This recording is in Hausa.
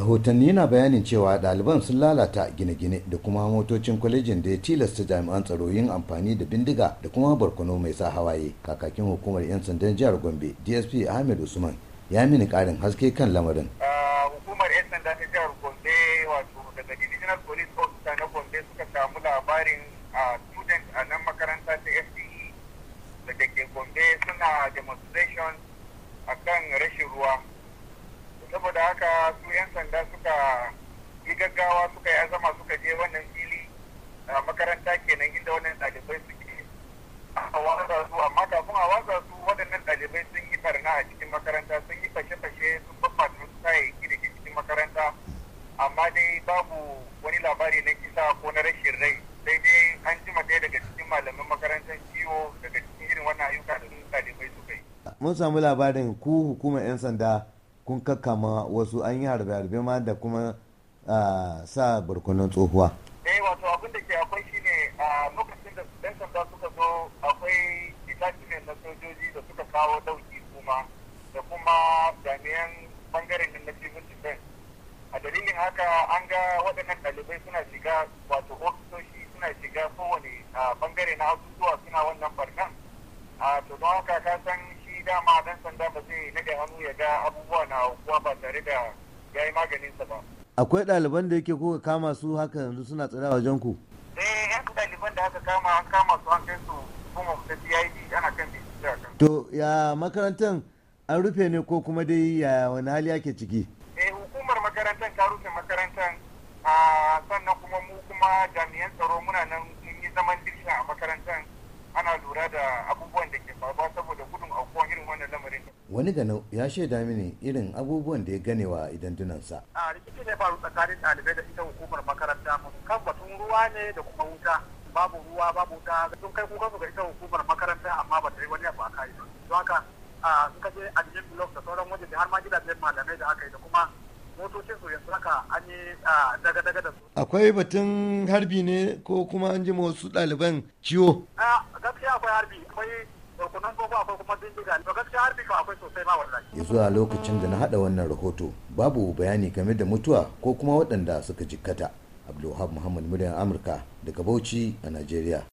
rahotanni na bayanin cewa ɗaliban sun lalata gine-gine da kuma motocin kwalejin da ya tilasta jami'an tsaro yin amfani da bindiga da kuma barkono mai sa hawaye kakakin hukumar 'yan sandan jihar gombe dsp ahmed usman ya mini ƙarin haske kan lamarin hukumar 'yan sanda ta jihar gombe wato daga divisional police officer na gombe suka samu labarin a student a nan makaranta ta fde da ke gombe suna demonstration akan rashin ruwa da haka su 'yan sanda suka yi gaggawa suka yi azama suka je wannan fili a makaranta kenan inda wannan ɗalibai suke a watsa su amma kafin a watsa su waɗannan ɗalibai sun yi barna a cikin makaranta sun yi fashe-fashe sun babbata wasu kayayyaki da ke cikin makaranta amma dai babu wani labari na kisa ko na rashin rai sai dai an jima ɗaya daga cikin malamin makarantar ciwo daga cikin irin wannan ayyuka da ɗalibai suka yi. mun samu labarin ku hukumar 'yan sanda kun kakkama wasu an yi harbe-harbe ma da kuma sa barkonon tsohuwa. Eh wato abin da ke akwai shine a lokacin da ɗan sanda suka zo akwai detachment na sojoji da suka kawo dauki kuma da kuma jami'an bangaren na civil defense. A dalilin haka an ga waɗannan ɗalibai suna shiga wato ofisoshi suna shiga kowane bangare na asusuwa suna wannan barkan. To don haka ka san dama dan sanda ba zai nade hannu ya ga abubuwa na kuwa ba tare da ya yi maganin sa ba akwai ɗaliban da yake kuka kama su haka yanzu suna tsira a wajen ku eh yan ɗaliban da aka kama an kama su an kai su kuma da CID ana kan bincike to ya makarantar an rufe ne ko kuma dai ya wani hali ake ciki eh hukumar makarantar ta rufe makarantar a sannan lura da abubuwan da ke faruwa saboda gudun aukuwan irin wannan lamarin. Wani gano ya shaida mini irin abubuwan da ya ganewa idan dunansa. A rikici ne faru tsakanin ɗalibai da ita hukumar makaranta kan batun ruwa ne da kuma wuta. Babu ruwa babu wuta sun kai kukansu ga ita hukumar makaranta amma ba ta yi wani abu a kai ba. Don haka suka je jikin blog da sauran wajen da har ma gidajen malamai da aka yi da kuma motocin su yanzu haka an yi daga-daga da su. Akwai batun harbi ne ko kuma an ji wasu ɗaliban ciwo? akwai harbi akwai barkonon koko akwai kuma bindiga to gaskiya harbi ko akwai sosai ma wallahi zuwa lokacin da na hada wannan rahoto babu bayani game da mutuwa ko kuma waɗanda suka jikkata abdulwahab muhammad muryar amurka daga bauchi a najeriya